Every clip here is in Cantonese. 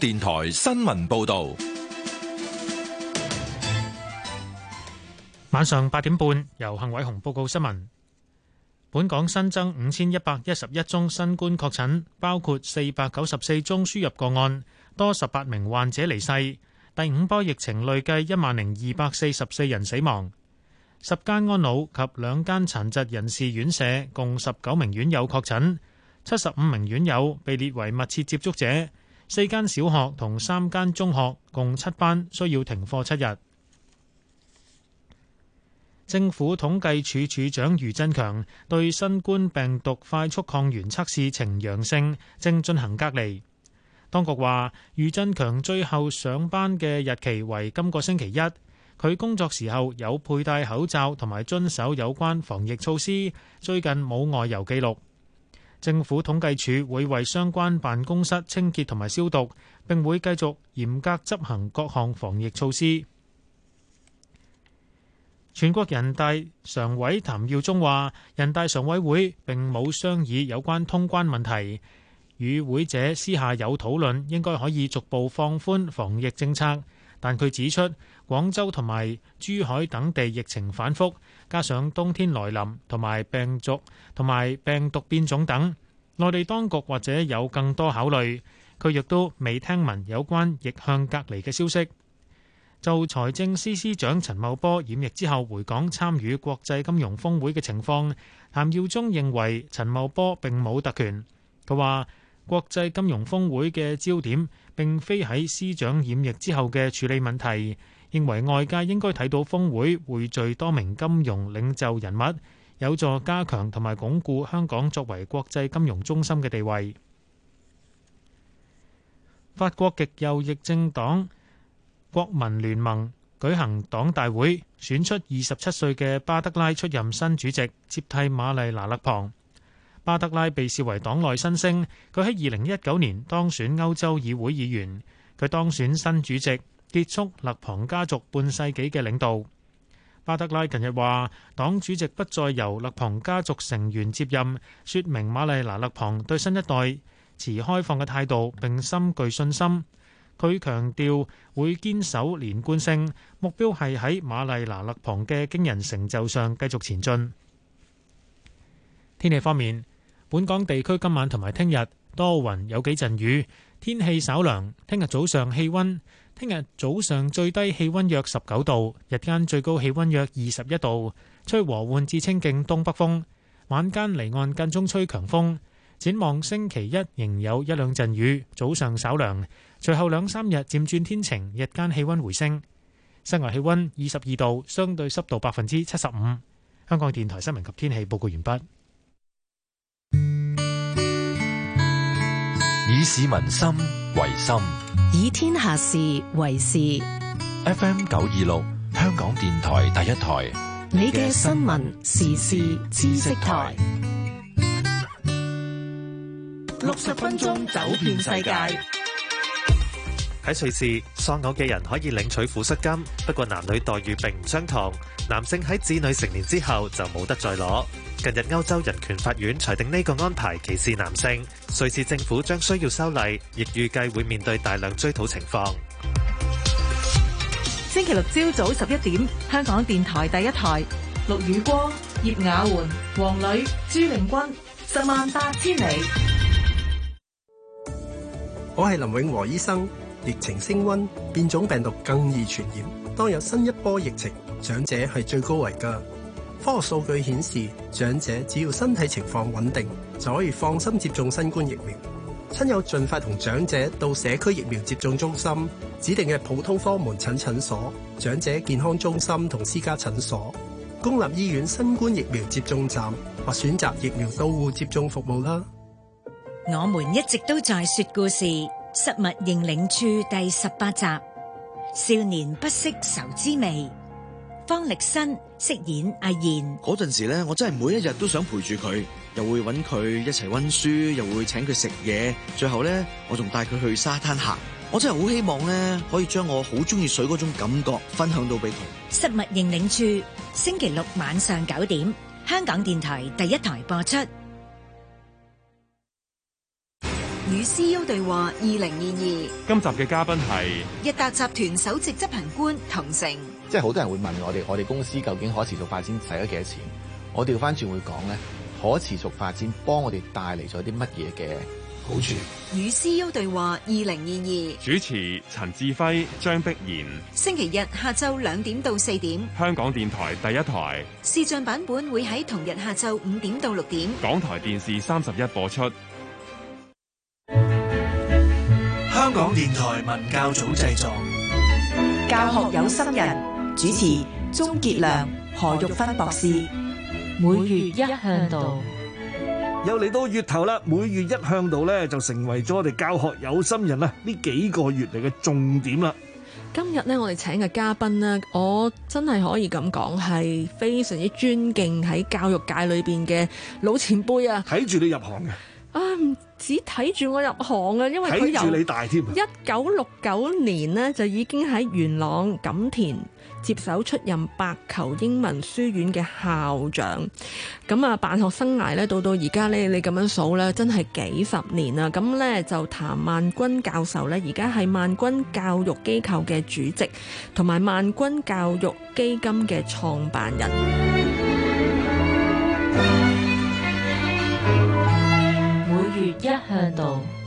電台新聞報道，晚上八點半由幸偉雄報告新聞。本港新增五千一百一十一宗新冠確診，包括四百九十四宗輸入個案，多十八名患者離世。第五波疫情累計一萬零二百四十四人死亡。十間安老及兩間殘疾人士院舍共十九名院友確診，七十五名院友被列為密切接觸者。四間小學同三間中學共七班需要停課七日。政府統計處處長余振強對新冠病毒快速抗原測試呈陽性，正進行隔離。當局話，余振強最後上班嘅日期為今個星期一。佢工作時候有佩戴口罩同埋遵守有關防疫措施，最近冇外遊記錄。政府統計處會為相關辦公室清潔同埋消毒，並會繼續嚴格執行各項防疫措施。全國人大常委譚耀宗話，人大常委會並冇商議有關通關問題，與會者私下有討論，應該可以逐步放寬防疫政策。但佢指出，廣州同埋珠海等地疫情反覆。加上冬天來臨，同埋病毒同埋病毒變種等，內地當局或者有更多考慮。佢亦都未聽聞有關逆向隔離嘅消息。就財政司司長陳茂波染疫之後回港參與國際金融峰會嘅情況，譚耀宗認為陳茂波並冇特權。佢話：國際金融峰會嘅焦點並非喺司長染疫之後嘅處理問題。認為外界應該睇到峰會匯聚多名金融領袖人物，有助加強同埋鞏固香港作為國際金融中心嘅地位。法國極右翼政黨國民聯盟舉行黨大會，選出二十七歲嘅巴德拉出任新主席，接替瑪麗娜勒龐。巴德拉被視為黨內新星，佢喺二零一九年當選歐洲議會議員，佢當選新主席，結束勒龐家族半世紀嘅領導，巴德拉近日話，黨主席不再由勒龐家族成員接任，說明瑪麗娜勒龐對新一代持開放嘅態度，並深具信心。佢強調會堅守連貫性，目標係喺瑪麗娜勒龐嘅驚人成就上繼續前進。天氣方面，本港地區今晚同埋聽日多雲，有幾陣雨。天氣稍涼，聽日早上氣溫，聽日早上最低氣溫約十九度，日間最高氣溫約二十一度，吹和緩至清勁東北風，晚間離岸間中吹強風。展望星期一仍有一兩陣雨，早上稍涼，隨後兩三日漸轉天晴，日間氣溫回升。室外氣溫二十二度，相對濕度百分之七十五。香港電台新聞及天氣報告完畢。以市民心為心，以天下事為事。FM 九二六，香港電台第一台，你嘅新聞時事知識台。六十分鐘走遍世界。喺瑞士喪偶嘅人可以領取撫恤金，不過男女待遇並唔相同。男性喺子女成年之後就冇得再攞。近日歐洲人權法院裁定呢個安排歧視男性，瑞士政府將需要修例，亦預計會面對大量追討情況。星期六朝早十一點，香港電台第一台，陸雨光、葉雅媛、黃磊、朱玲君，十萬八千里。我係林永和醫生，疫情升溫，變種病毒更易傳染，當有新一波疫情，長者係最高危噶。科學數據顯示，長者只要身體情況穩定，就可以放心接種新冠疫苗。親友盡快同長者到社區疫苗接種中心、指定嘅普通科門診診所、長者健康中心同私家診所、公立醫院新冠疫苗接種站或選擇疫苗到戶接種服務啦。我們一直都在說故事，失物認領處第十八集：少年不識愁滋味。方力申飾演阿燕嗰陣時咧，我真係每一日都想陪住佢，又會揾佢一齊温書，又會請佢食嘢，最後咧我仲帶佢去沙灘行。我真係好希望咧，可以將我好中意水嗰種感覺分享到俾佢。失物認領處，星期六晚上九點，香港電台第一台播出。與 CEO 對話二零二二，今集嘅嘉賓係日達集團首席執行官同成。即係好多人會問我哋，我哋公司究竟可持續發展使咗幾多錢？我調翻轉會講咧，可持續發展幫我哋帶嚟咗啲乜嘢嘅好處？與 CEO 對話二零二二，主持陳志輝、張碧然。星期日下晝兩點到四點，香港電台第一台視像版本會喺同日下晝五點到六點，港台電視三十一播出。香港電台文教組製作，教學有心人，主持鍾杰良、何玉芬博士，每月一嚮導。又嚟到月頭啦，每月一嚮導咧就成為咗我哋教學有心人啊！呢幾個月嚟嘅重點啦。今日咧，我哋請嘅嘉賓咧，我真係可以咁講，係非常之尊敬喺教育界裏邊嘅老前輩啊。睇住你入行嘅。啊！唔止睇住我入行啊，因為佢由一九六九年呢，就已經喺元朗錦田接手出任白球英文書院嘅校長。咁啊，辦學生涯呢，到到而家呢，你咁樣數呢，真係幾十年啊！咁呢，就譚萬鈞教授呢，而家係萬鈞教育機構嘅主席，同埋萬鈞教育基金嘅創辦人。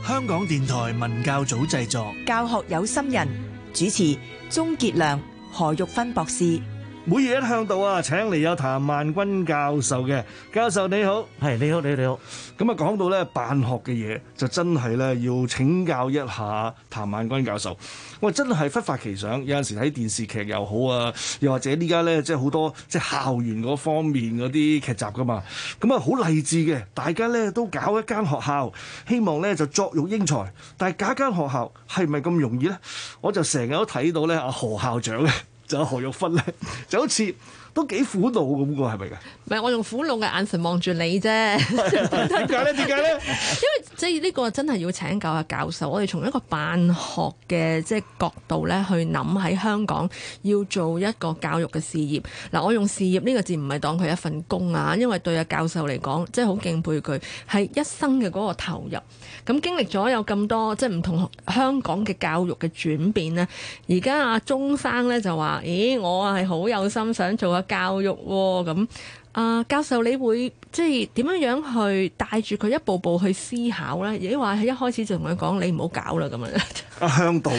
香港電台文教組製作，教學有心人主持鍾杰良、何玉芬博士。每月一嚮導啊，請嚟有譚萬鈞教授嘅教授你好，係你好，你你好。咁啊，講到咧辦學嘅嘢，就真係咧要請教一下譚萬鈞教授。我真係忽發奇想，有陣時睇電視劇又好啊，又或者呢家咧即係好多即係校園嗰方面嗰啲劇集噶嘛，咁啊好勵志嘅，大家咧都搞一間學校，希望咧就作育英才。但係搞間學校係咪咁容易咧？我就成日都睇到咧阿何校長嘅。就有何玉芬咧，就好似都幾苦惱咁喎，係咪㗎？唔係，我用苦惱嘅眼神望住你啫。點解咧？點解咧？因為即係呢個真係要請教下教授。我哋從一個辦學嘅即係角度咧，去諗喺香港要做一個教育嘅事業。嗱，我用事業呢個字唔係當佢一份工啊，因為對阿教授嚟講，即係好敬佩佢係一生嘅嗰個投入。咁經歷咗有咁多即係唔同香港嘅教育嘅轉變呢。而家阿鐘生咧就話，咦，我係好有心想做下教育喎。咁啊，教授，你會即係點樣樣去帶住佢一步步去思考咧？如果話係一開始就同佢講，你唔好搞啦咁樣。啊，嚮導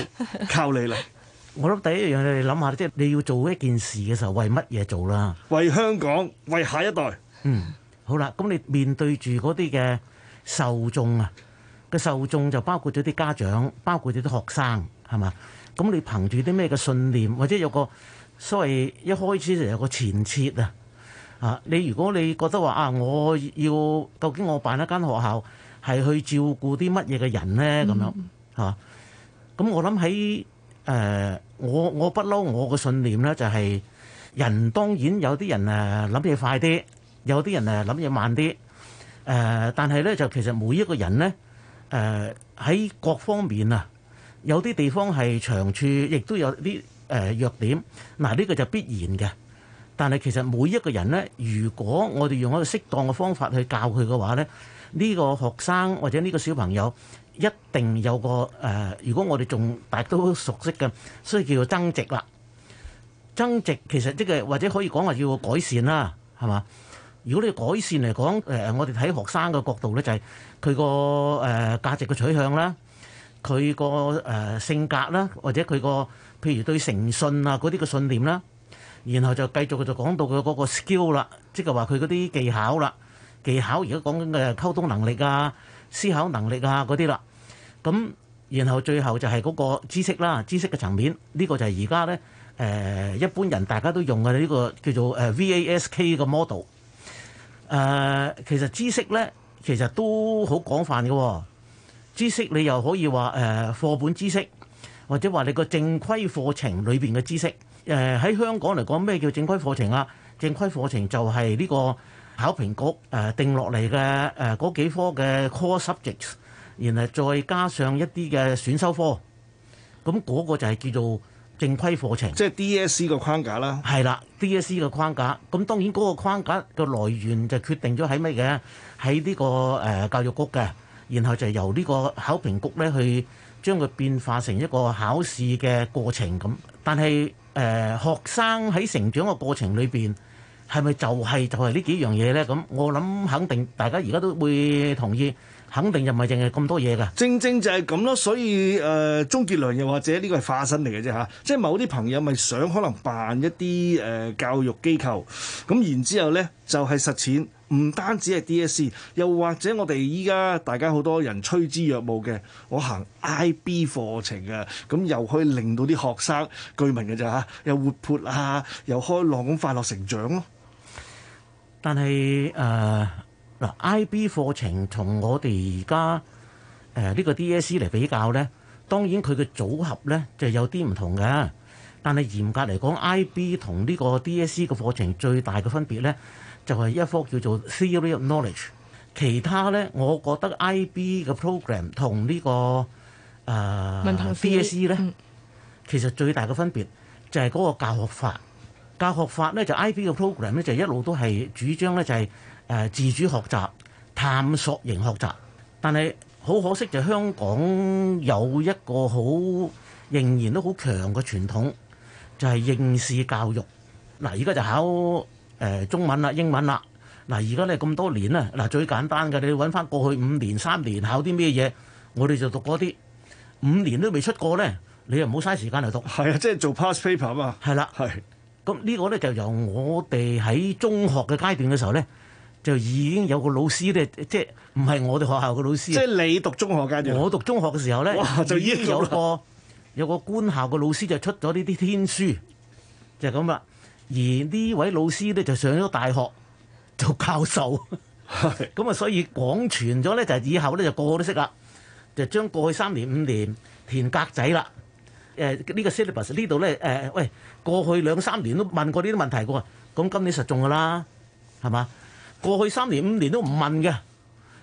靠你啦！我諗第一樣嘢，你諗下，即係你要做一件事嘅時候，為乜嘢做啦？為香港，為下一代。嗯，好啦，咁你面對住嗰啲嘅受眾啊，個受眾就包括咗啲家長，包括咗啲學生，係嘛？咁你憑住啲咩嘅信念，或者有個所謂一開始就有個前設啊？啊！你如果你覺得話啊，我要究竟我辦一間學校係去照顧啲乜嘢嘅人咧？咁、嗯、樣嚇。咁、啊、我諗喺誒，我我不嬲，我個信念咧就係、是、人當然有啲人誒諗嘢快啲，有啲人誒諗嘢慢啲。誒、呃，但係咧就其實每一個人咧誒喺各方面啊，有啲地方係長處，亦都有啲誒、呃、弱點。嗱、啊，呢、呢個就必然嘅。但係其實每一個人呢，如果我哋用一個適當嘅方法去教佢嘅話呢呢、呢個學生或者呢個小朋友一定有個誒、呃，如果我哋仲大家都熟悉嘅，所以叫做增值啦。增值其實即、就、係、是、或者可以講話叫做改善啦、啊，係嘛？如果你改善嚟講，誒、呃、我哋睇學生嘅角度呢，就係佢個誒價值嘅取向啦，佢個、呃、性格啦，或者佢個譬如對誠信啊嗰啲嘅信念啦。然後就繼續佢就講到佢嗰個 skill 啦，即係話佢嗰啲技巧啦，技巧而家講緊嘅溝通能力啊、思考能力啊嗰啲啦。咁然後最後就係嗰個知識啦，知識嘅層面呢、呢個就係而家呢，誒、呃、一般人大家都用嘅呢個叫做誒 VASK 嘅 model。誒、呃、其實知識呢，其實都好廣泛嘅喎、哦，知識你又可以話誒課本知識，或者話你個正規課程裏邊嘅知識。誒、呃、喺香港嚟講，咩叫正規課程啊？正規課程就係呢個考評局誒、呃、定落嚟嘅誒嗰幾科嘅 core subjects，然後再加上一啲嘅選修科，咁嗰個就係叫做正規課程。即係 DSE 個框架啦。係啦 DSE 個框架。咁當然嗰個框架嘅來源就決定咗喺咩嘅？喺呢、這個誒、呃、教育局嘅，然後就由呢個考評局咧去將佢變化成一個考試嘅過程咁。但係誒、呃、學生喺成長嘅過程裏邊，係咪就係、是、就係、是、呢幾樣嘢咧？咁我諗肯定大家而家都會同意，肯定又唔係淨係咁多嘢㗎。正正就係咁咯，所以誒，鍾傑良又或者呢個係化身嚟嘅啫嚇，即係某啲朋友咪想可能辦一啲誒、呃、教育機構，咁然之後咧就係、是、實踐。唔單止係 D.S.E.，又或者我哋依家大家好多人趨之若鶩嘅，我行 I.B. 課程嘅，咁又可以令到啲學生具文嘅咋嚇，又活潑啊，又開朗咁快樂成長咯。但係誒，嗱 I.B. 課程同我哋而家誒，呢個 D.S.E. 嚟比較咧，當然佢嘅組合咧就有啲唔同嘅。但係嚴格嚟講，I.B. 同呢個 D.S.E. 嘅課程最大嘅分別咧。就係、是、一科叫做 Theory of Knowledge。其他咧，我覺得 IB 嘅 program 同、這個呃、呢個誒 DSE 咧，其實最大嘅分別就係嗰個教學法。教學法咧就 IB 嘅 program 咧就一路都係主張咧就係、是、誒自主學習、探索型學習。但係好可惜就香港有一個好仍然都好強嘅傳統，就係應試教育。嗱，而家就考。誒中文啦，英文啦，嗱，而家你咁多年啦，嗱最簡單嘅，你揾翻過去五年、三年考啲咩嘢，我哋就讀嗰啲。五年都未出過咧，你又唔好嘥時間嚟讀。係啊，即係做 past paper 啊嘛。係啦，係。咁呢個咧就由我哋喺中學嘅階段嘅時候咧，就已經有個老師咧，即係唔係我哋學校嘅老師即係、就是、你讀中學階段。我讀中學嘅時候咧，就已經有個有個官校嘅老師就出咗呢啲天書，就係咁啦。而呢位老師咧就上咗大學做教授，咁 啊，所以廣傳咗咧就係、是、以後咧就個個都識啦，就將過去三年五年填格仔啦。誒、呃這個、呢個 syllabus 呢度咧誒喂，過去兩三年都問過呢啲問題嘅喎，咁今年實中嘅啦，係嘛？過去三年五年都唔問嘅，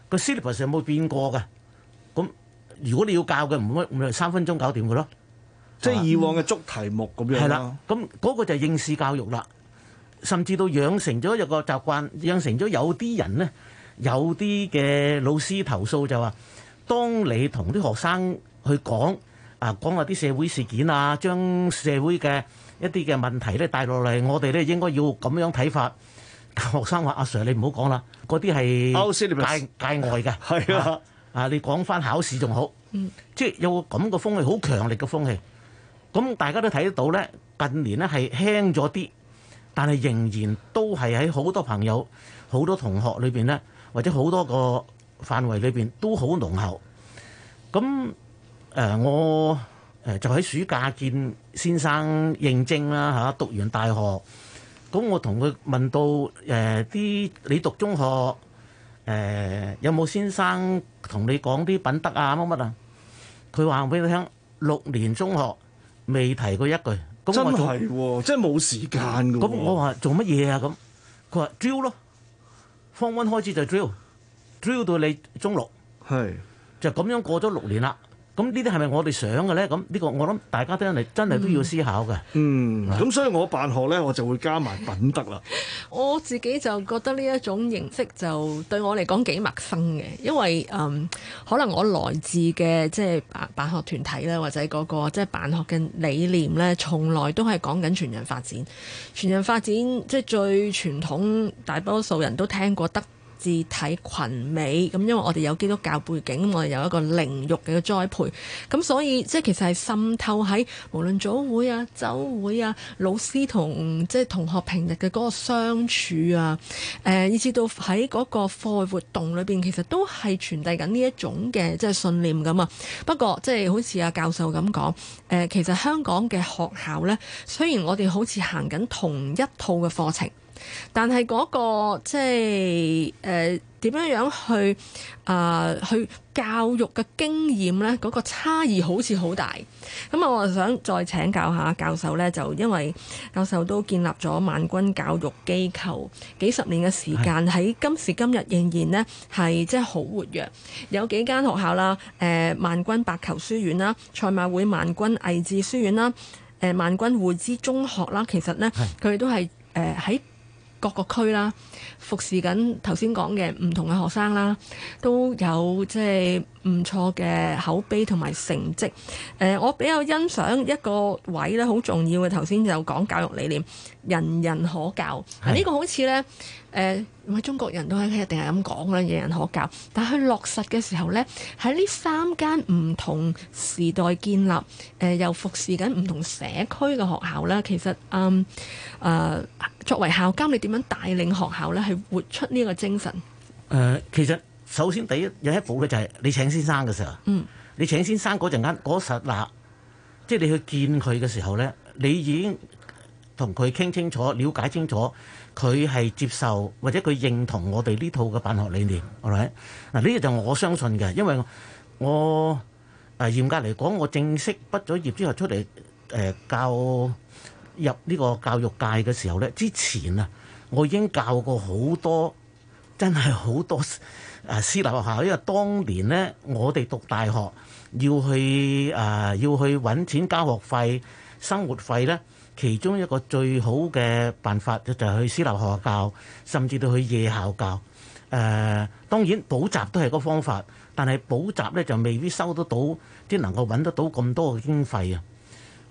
個 syllabus 有冇變過嘅。咁如果你要教嘅，唔會唔會三分鐘搞掂嘅咯。即係以往嘅捉題目咁樣咯、啊，咁、嗯、嗰、嗰個就係應試教育啦。甚至到養成咗一個習慣，養成咗有啲人呢，有啲嘅老師投訴就話：當你同啲學生去講啊，講下啲社會事件啊，將社會嘅一啲嘅問題咧帶落嚟，我哋咧應該要咁樣睇法。學生話：阿、啊、Sir，你唔好講啦，嗰啲係大界外嘅，係 啊，啊你講翻考試仲好，嗯、即係有個咁嘅風氣，好強力嘅風氣。咁大家都睇得到咧，近年咧係輕咗啲，但係仍然都係喺好多朋友、好多同學裏邊咧，或者好多個範圍裏邊都好濃厚。咁誒，我就喺暑假見先生認證啦嚇，讀完大學咁，我同佢問到誒啲、呃、你讀中學誒、呃、有冇先生同你講啲品德啊乜乜啊？佢話俾你聽六年中學。未提過一句，咁我話真係喎，真冇、哦、時間嘅、哦。咁我話做乜嘢啊？咁佢話 drill 咯，form one 開始就 drill，drill 到你中六，係就咁樣過咗六年啦。咁呢啲係咪我哋想嘅呢？咁呢個我諗大家都真係真係都要思考嘅。嗯，咁、嗯、所以我辦學呢，我就會加埋品德啦。 我自己就覺得呢一種形式就對我嚟講幾陌生嘅，因為嗯可能我來自嘅即係辦辦學團體呢，或者嗰、那個即係、就是、辦學嘅理念呢，從來都係講緊全人發展。全人發展即係、就是、最傳統，大多數人都聽過得。字體群美咁，因為我哋有基督教背景，我哋有一個靈肉嘅栽培，咁所以即係其實係滲透喺無論早會啊、週會啊、老師同即係同學平日嘅嗰個相處啊，誒、呃，以至到喺嗰個課外活動裏邊，其實都係傳遞緊呢一種嘅即係信念噶啊，不過即係好似阿教授咁講，誒、呃，其實香港嘅學校呢，雖然我哋好似行緊同一套嘅課程。但係嗰、那個即係誒點樣樣去啊、呃，去教育嘅經驗呢？嗰、那個差異好似好大。咁啊，我就想再請教下教授呢，就因為教授都建立咗萬鈞教育機構幾十年嘅時間，喺今時今日仍然呢係即係好活躍。有幾間學校啦，誒、呃、萬鈞伯裘書院啦、賽馬會萬鈞毅智書院啦、誒、呃、萬鈞匯知中學啦，其實呢，佢哋都係誒喺。呃各個區啦，服侍緊頭先講嘅唔同嘅學生啦，都有，即係。唔錯嘅口碑同埋成績，誒、呃、我比較欣賞一個位咧，好重要嘅。頭先就講教育理念，人人可教。呢、啊這個好似呢，誒、呃、中國人都係一定係咁講啦，人人可教。但佢落實嘅時候呢，喺呢三間唔同時代建立，誒、呃、又服侍緊唔同社區嘅學校呢，其實嗯誒、呃、作為校監，你點樣帶領學校呢？係活出呢個精神？誒、呃、其實。首先，第一有一步咧，就係你請先生嘅時候、嗯，你請先生嗰陣間嗰實啦，即係你去見佢嘅時候咧，你已經同佢傾清楚、了解清楚，佢係接受或者佢認同我哋呢套嘅辦學理念，係咪嗱？呢個就我相信嘅，因為我我誒嚴格嚟講，我正式畢咗業之後出嚟誒、呃、教入呢個教育界嘅時候咧，之前啊，我已經教過好多真係好多。誒私立學校，因為當年咧，我哋讀大學要去、呃、要去揾錢交學費、生活費咧，其中一個最好嘅辦法就係去私立學校教，甚至到去夜校教。誒、呃，當然補習都係個方法，但係補習咧就未必收得到，即係能夠揾得到咁多嘅經費啊！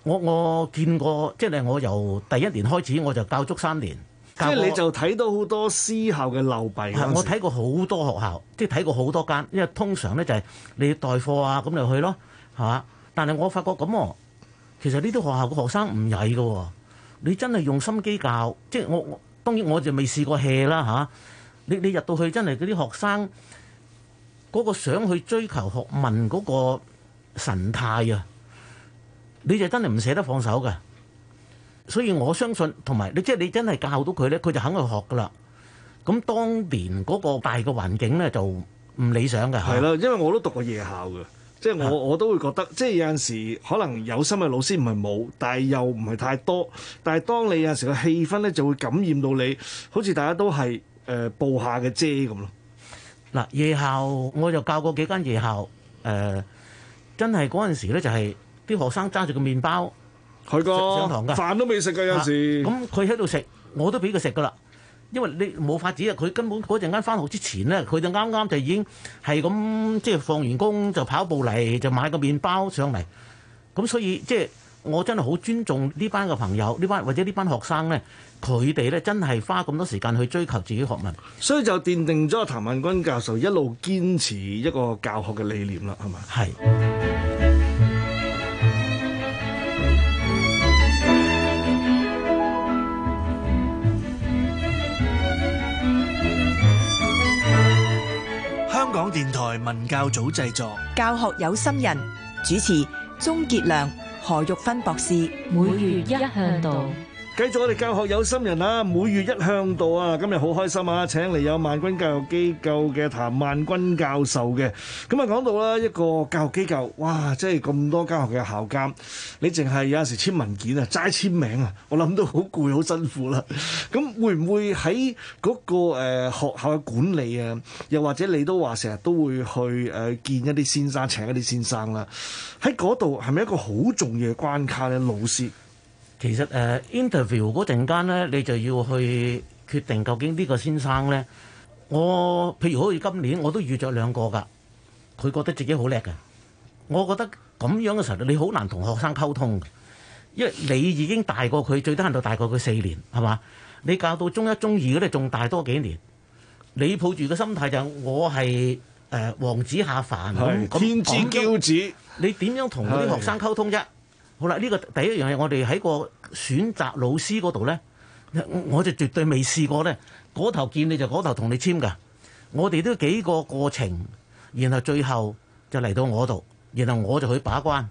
我我見過，即係我由第一年開始，我就教足三年。即係你就睇到好多私校嘅漏弊。我睇過好多學校，即係睇過好多間。因為通常咧就係你要代課啊，咁就去咯，嚇。但係我發覺咁喎，其實呢啲學校嘅學生唔曳㗎。你真係用心機教，即係我我當然我就未試過 hea 啦嚇。你你入到去真係嗰啲學生嗰個想去追求學問嗰個神態啊，你就真係唔捨得放手㗎。所以我相信，同埋你即係你真係教到佢咧，佢就肯去學噶啦。咁當年嗰個大嘅環境咧就唔理想嘅。係咯，因為我都讀過夜校嘅，即係我，啊，我都會覺得，即係有陣時可能有心嘅老師唔係冇，但係又唔係太多。但係當你有陣時個氣氛咧，就會感染到你，好似大家都係誒布下嘅遮咁咯。嗱夜校，我就教過幾間夜校，誒，呃，真係嗰陣時咧就係啲學生揸住個麵包。佢哥上堂噶，飯都未食噶有時。咁佢喺度食，我都俾佢食噶啦。因為你冇法子啊，佢根本嗰陣間返學之前咧，佢就啱啱就已經係咁，即係放完工就跑步嚟，就買個麵包上嚟。咁所以即係我真係好尊重呢班嘅朋友，呢班或者呢班學生咧，佢哋咧真係花咁多時間去追求自己學問。所以就奠定咗譚萬鈞教授一路堅持一個教學嘅理念啦，係咪？係。文教組製作，教學有心人主持，鍾杰良、何玉芬博士，每月一嚮導。繼續我哋教學有心人啊！每月一嚮導啊！今日好開心啊！請嚟有萬鈞教育機構嘅譚萬鈞教授嘅。咁啊講到啦一個教育機構，哇！即係咁多教學嘅校監，你淨係有時簽文件啊、齋簽名啊，我諗都好攰、好辛苦啦。咁會唔會喺嗰個誒學校嘅管理啊？又或者你都話成日都會去誒見一啲先生、請一啲先生啦？喺嗰度係咪一個好重要嘅關卡咧？老師？其實誒、呃、interview 嗰陣間咧，你就要去決定究竟呢個先生咧，我譬如好似今年我都遇著兩個㗎，佢覺得自己好叻嘅，我覺得咁樣嘅時候，你好難同學生溝通嘅，因為你已經大過佢，最低限度大過佢四年，係嘛？你教到中一、中二嗰啲仲大多幾年，你抱住嘅心態就是、我係、呃、王子下凡，天之驕子，你點樣同啲學生溝通啫？好啦，呢、這個第一樣嘢，我哋喺個選擇老師嗰度咧，我就絕對未試過咧。嗰頭見你就嗰頭同你簽噶。我哋都幾個過程，然後最後就嚟到我度，然後我就去把關。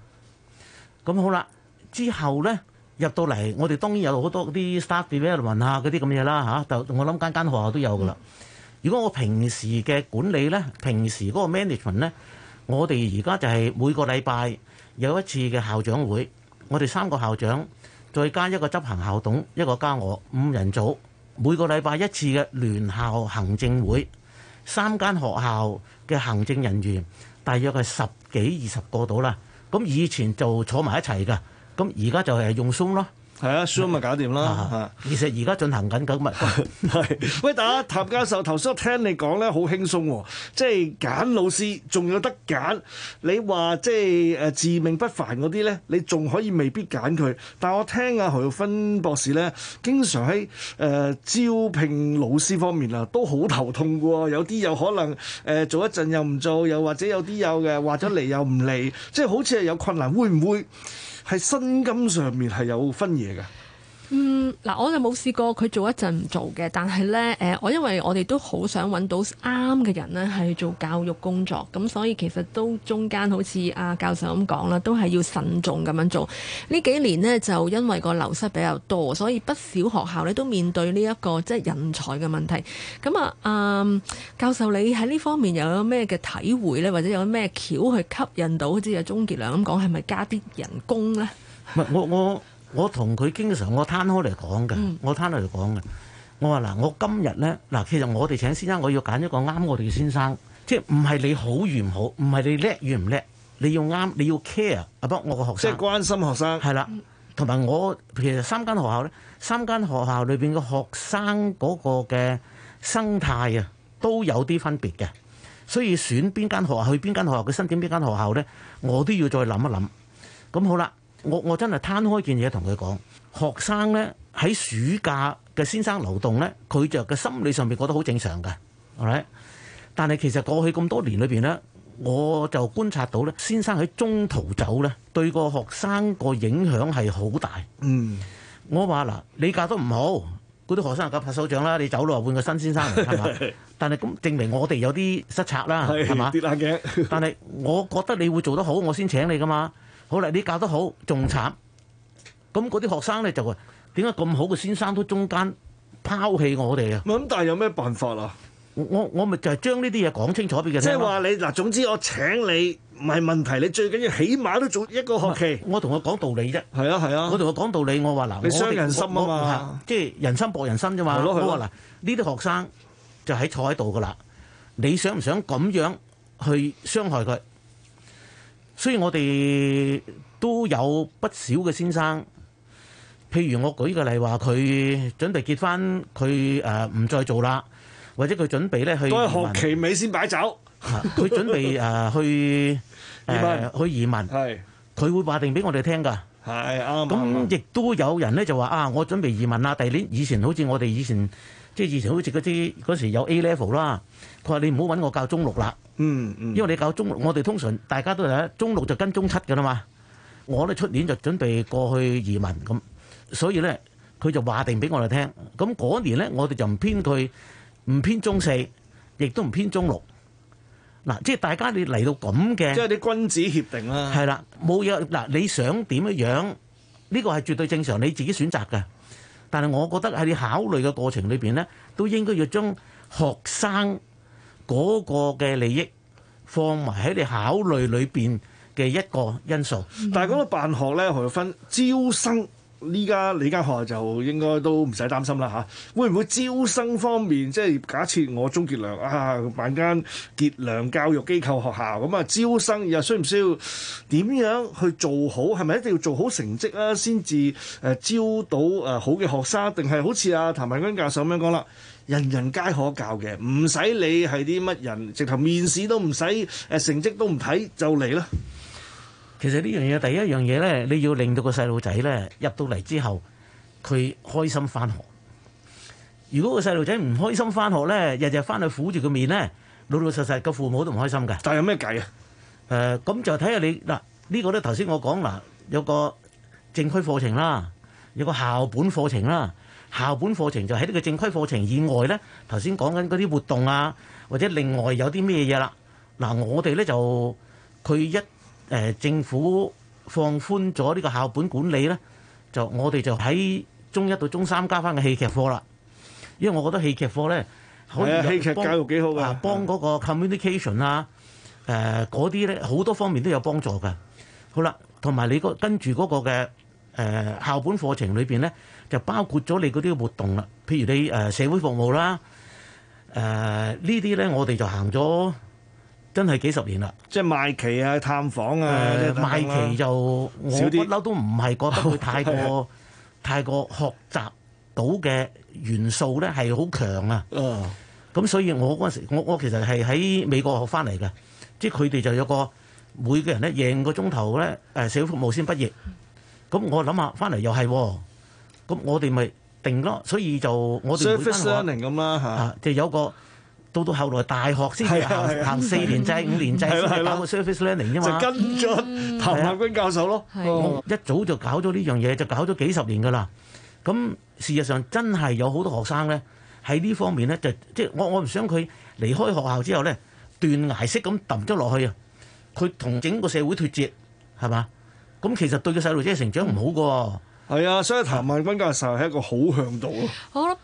咁好啦，之後咧入到嚟，我哋當然有好多啲 staff development 嗰啲咁嘢啦吓。就我諗間間學校都有噶啦。如果我平時嘅管理咧，平時嗰個 management 咧，我哋而家就係每個禮拜有一次嘅校長會。我哋三個校長，再加一個執行校董，一個加我，五人組，每個禮拜一次嘅聯校行政會，三間學校嘅行政人員，大約係十幾二十個度啦。咁以前就坐埋一齊㗎，咁而家就係用 Zoom 囉。咯。係啊，show 咪搞掂啦。其實而家進行緊咁密，係，喂，大家譚教授，頭先我聽你講咧，好輕鬆喎，即係揀老師仲有得揀。你話即係誒自命不凡嗰啲咧，你仲可以未必揀佢。但我聽阿何玉芬博士咧，經常喺誒、呃、招聘老師方面啊，都好頭痛喎。有啲有可能誒、呃、做一陣又唔做，又或者有啲有嘅話咗嚟又唔嚟，即、就、係、是、好似有困難，會唔會？係薪金上面係有分嘢嘅。嗯，嗱，我就冇試過佢做一陣唔做嘅，但係呢，我、呃、因為我哋都好想揾到啱嘅人呢，係做教育工作，咁所以其實都中間好似阿教授咁講啦，都係要慎重咁樣做。呢幾年呢，就因為個流失比較多，所以不少學校呢都面對呢、這、一個即係人才嘅問題。咁啊，嗯、呃，教授你喺呢方面又有咩嘅體會呢？或者有咩橋去吸引到，好似阿鐘傑良咁講，係咪加啲人工呢？唔我我。我我同佢經常我攤開嚟講嘅，我攤開嚟講嘅，我話嗱、嗯，我今日咧嗱，其實我哋請先生，我要揀一個啱我哋嘅先生，即係唔係你好與唔好，唔係你叻與唔叻，你要啱，你要 care。阿不，我個學生即係關心學生。係啦，同埋我其實三間學校咧，三間學校裏邊嘅學生嗰個嘅生態啊，都有啲分別嘅，所以選邊間學校去邊間學校，佢身請邊間學校咧，我都要再諗一諗。咁好啦。我我真係攤開件嘢同佢講，學生咧喺暑假嘅先生流動咧，佢就喺心理上邊覺得好正常嘅，係咪？但係其實過去咁多年裏邊咧，我就觀察到咧，先生喺中途走咧，對個學生個影響係好大。嗯，我話嗱，你教得唔好，嗰啲學生又拍手掌啦，你走咯，換個新先生嚟係嘛？但係咁證明我哋有啲失策啦，係嘛？跌眼鏡。 但係我覺得你會做得好，我先請你噶嘛。好啦，你教得好，仲慘。咁嗰啲學生咧就話：點解咁好嘅先生都中間拋棄我哋啊？咁但係有咩辦法啦，啊？我我咪就係將呢啲嘢講清楚俾佢。即係話你嗱，總之我請你唔係問題，你最緊要起碼都做一個學期。我同佢講道理啫。係啊係啊。我同佢講道理，我話嗱，你傷人心啊嘛即係人心博、啊、人心啫嘛。好喇，嗱，呢啲學生就喺坐喺度噶啦，你想唔想咁樣去傷害佢？所以我哋都有不少嘅先生，譬如我舉個例話，佢準備結婚，佢誒唔再做啦，或者佢準備咧去， 去。都係學期尾先擺酒，佢準備誒去移民，去移民。係，佢會話定俾我哋聽㗎。係啱。咁亦都有人咧就話啊，我準備移民啦，第二年以前好似我哋以前。即係以前好似嗰啲嗰時有 A level 啦，佢話你唔好揾我教中六啦。嗯嗯，因為你教中六，我哋通常大家都係中六就跟中七噶啦嘛。我咧出年就準備過去移民咁，所以咧佢就話定俾我哋聽。咁嗰年咧我哋就唔偏佢，唔偏中四，亦都唔偏中六。嗱，即係大家你嚟到咁嘅，即係啲君子協定啦。係啦，冇嘢。嗱，你想點嘅樣呢個係絕對正常，你自己選擇噶。但係，我覺得喺你考慮嘅過程裏邊咧，都應該要將學生嗰個嘅利益放埋喺你考慮裏邊嘅一個因素。嗯、但係嗰個辦學咧，佢要分招生。呢家你間學校就應該都唔使擔心啦嚇，會唔會招生方面，即係假設我鍾傑良啊，辦間傑良教育機構學校，咁啊招生又需唔需要點樣去做好？係咪一定要做好成績啊先至誒招到誒、呃、好嘅學生？定係好似阿、啊、譚萬鈞教授咁樣講啦，人人皆可教嘅，唔使理係啲乜人，直頭面試都唔使、呃、成績都唔睇就嚟啦。其實呢樣嘢第一樣嘢咧，你要令到個細路仔咧入到嚟之後，佢開心返學。如果個細路仔唔開心返學咧，日日返去苦住個面咧，老老實實個父母都唔開心㗎。但係有咩計啊？誒、呃，咁就睇下你嗱，這個、呢個咧頭先我講嗱，有個正規課程啦，有個校本課程啦。校本課程就喺呢個正規課程以外咧，頭先講緊嗰啲活動啊，或者另外有啲咩嘢啦。嗱、呃，我哋咧就佢一。呃、政府放寬咗呢個校本管理咧，就我哋就喺中一到中三加翻個戲劇課啦。因為我覺得戲劇課咧，可以有戲劇教育幾好噶，幫嗰個 communication 啦、啊，嗰啲咧好多方面都有幫助噶。好啦，同埋你跟住嗰個嘅、呃、校本課程裏面咧，就包括咗你嗰啲活動啦，譬如你、呃、社會服務啦，呃、呢啲咧我哋就行咗。真係幾十年啦，即係賣旗啊、探訪啊、呃、啊，賣旗就我不嬲都唔係覺得太過 太過學習到嘅元素咧係好強啊。咁、uh. 所以我嗰陣時，我我其實係喺美國學翻嚟嘅，即係佢哋就有個每個人咧廿五個鐘頭咧誒社會服務先畢業。咁我諗下翻嚟又係，咁我哋咪定咯。所以就我哋咁啦嚇，就有個。到到後來大學先係行四年制、啊啊、五年制先搞個 surface learning 因嘛、啊，啊啊就是、跟咗譚萬鈞教授咯、嗯啊啊嗯啊啊啊啊嗯，一早就搞咗呢樣嘢，就搞咗幾十年噶啦。咁事實上真係有好多學生咧喺呢方面咧，就即係我我唔想佢離開學校之後咧斷崖式咁揼咗落去啊！佢同整個社會脫節係嘛？咁其實對個細路仔成長唔好噶喎。係啊，所以譚萬鈞教授係一個好向導咯。我諗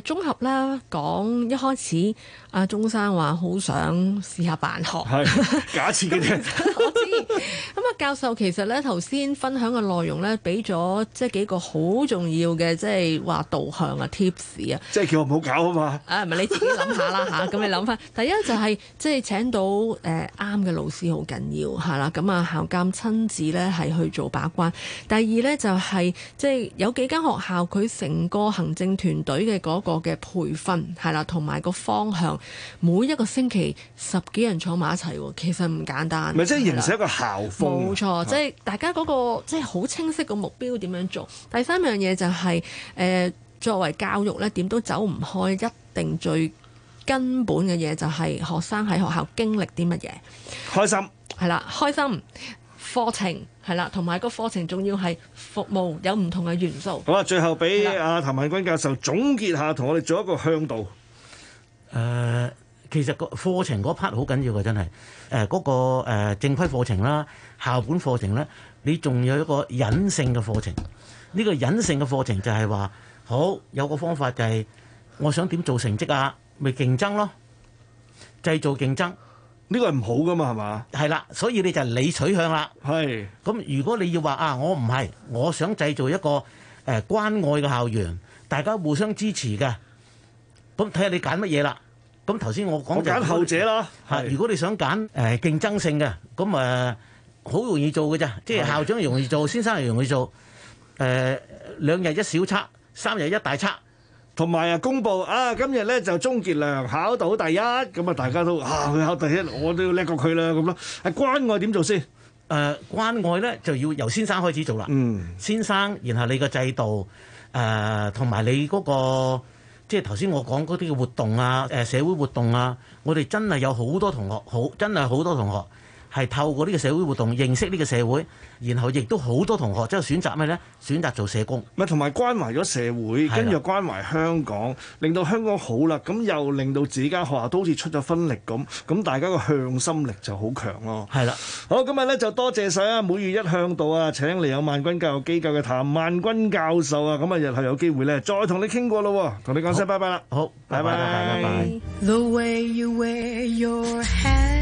誒綜合咧講，一開始。阿鐘生話好想試下辦學，係假設嘅啫。我 知咁啊， 教授其實咧頭先分享嘅內容咧，俾咗即係幾個好重要嘅、就是，即係話導向啊、貼士啊。即係叫我唔好搞啊嘛。啊，唔係你自己諗 下啦吓，咁你諗翻，第一就係即係請到誒啱嘅老師好緊要係啦。咁啊校監親自咧係去做把關。第二咧就係即係有幾間學校佢成個行政團隊嘅嗰個嘅培訓係啦，同埋個方向。每一個星期十幾人坐埋一齊喎，其實唔簡單。咪即係形成一個校風。冇錯，即係、就是、大家嗰、那個即係好清晰個目標點樣做。第三樣嘢就係、是、誒、呃、作為教育呢點都走唔開，一定最根本嘅嘢就係學生喺學校經歷啲乜嘢。開心係啦，開心課程係啦，同埋個課程仲要係服務有唔同嘅元素。好啦，最後俾阿、啊、譚文君教授總結下，同我哋做一個向導。誒、呃，其實個課程嗰 part 好緊要嘅，真係誒嗰個、呃、正規課程啦、校本課程咧，你仲有一個隱性嘅課程。呢、這個隱性嘅課程就係話，好有個方法就係，我想點做成績啊？咪競爭咯，製造競爭。呢個係唔好噶嘛，係嘛？係啦，所以你就理取向啦。係。咁如果你要話啊，我唔係，我想製造一個誒、呃、關愛嘅校園，大家互相支持嘅，咁睇下你揀乜嘢啦。咁頭先我講緊後者咯。係，如果你想揀誒競爭性嘅，咁誒好容易做嘅啫，即係校長容易做，先生係容易做。誒兩日一小測，三日一大測，同埋啊公佈啊今日咧就鐘傑良考到第一，咁啊大家都啊佢考第一，我都要叻過佢啦咁咯。係關愛點做先？誒關愛咧就要由先生開始做啦。嗯，先生，然後你個制度誒同埋你嗰個。即係頭先我講嗰啲嘅活動啊，誒社會活動啊，我哋真係有好多同學好真係好多同學，真的有很多同學係透過呢個社會活動認識呢個社會，然後亦都好多同學即係選擇咩咧？選擇做社工。咪同埋關懷咗社會，跟住關懷香港，令到香港好啦。咁又令到自己間學校都好似出咗分力咁，咁大家個向心力就好強咯。係啦，好今日咧就多謝曬啊！每月一向道每月一嚮導啊，請嚟有萬鈞教育機構嘅譚萬鈞教授啊，咁啊日後有機會咧再同你傾過咯。同你講聲拜拜啦，好，拜拜，拜拜，拜拜。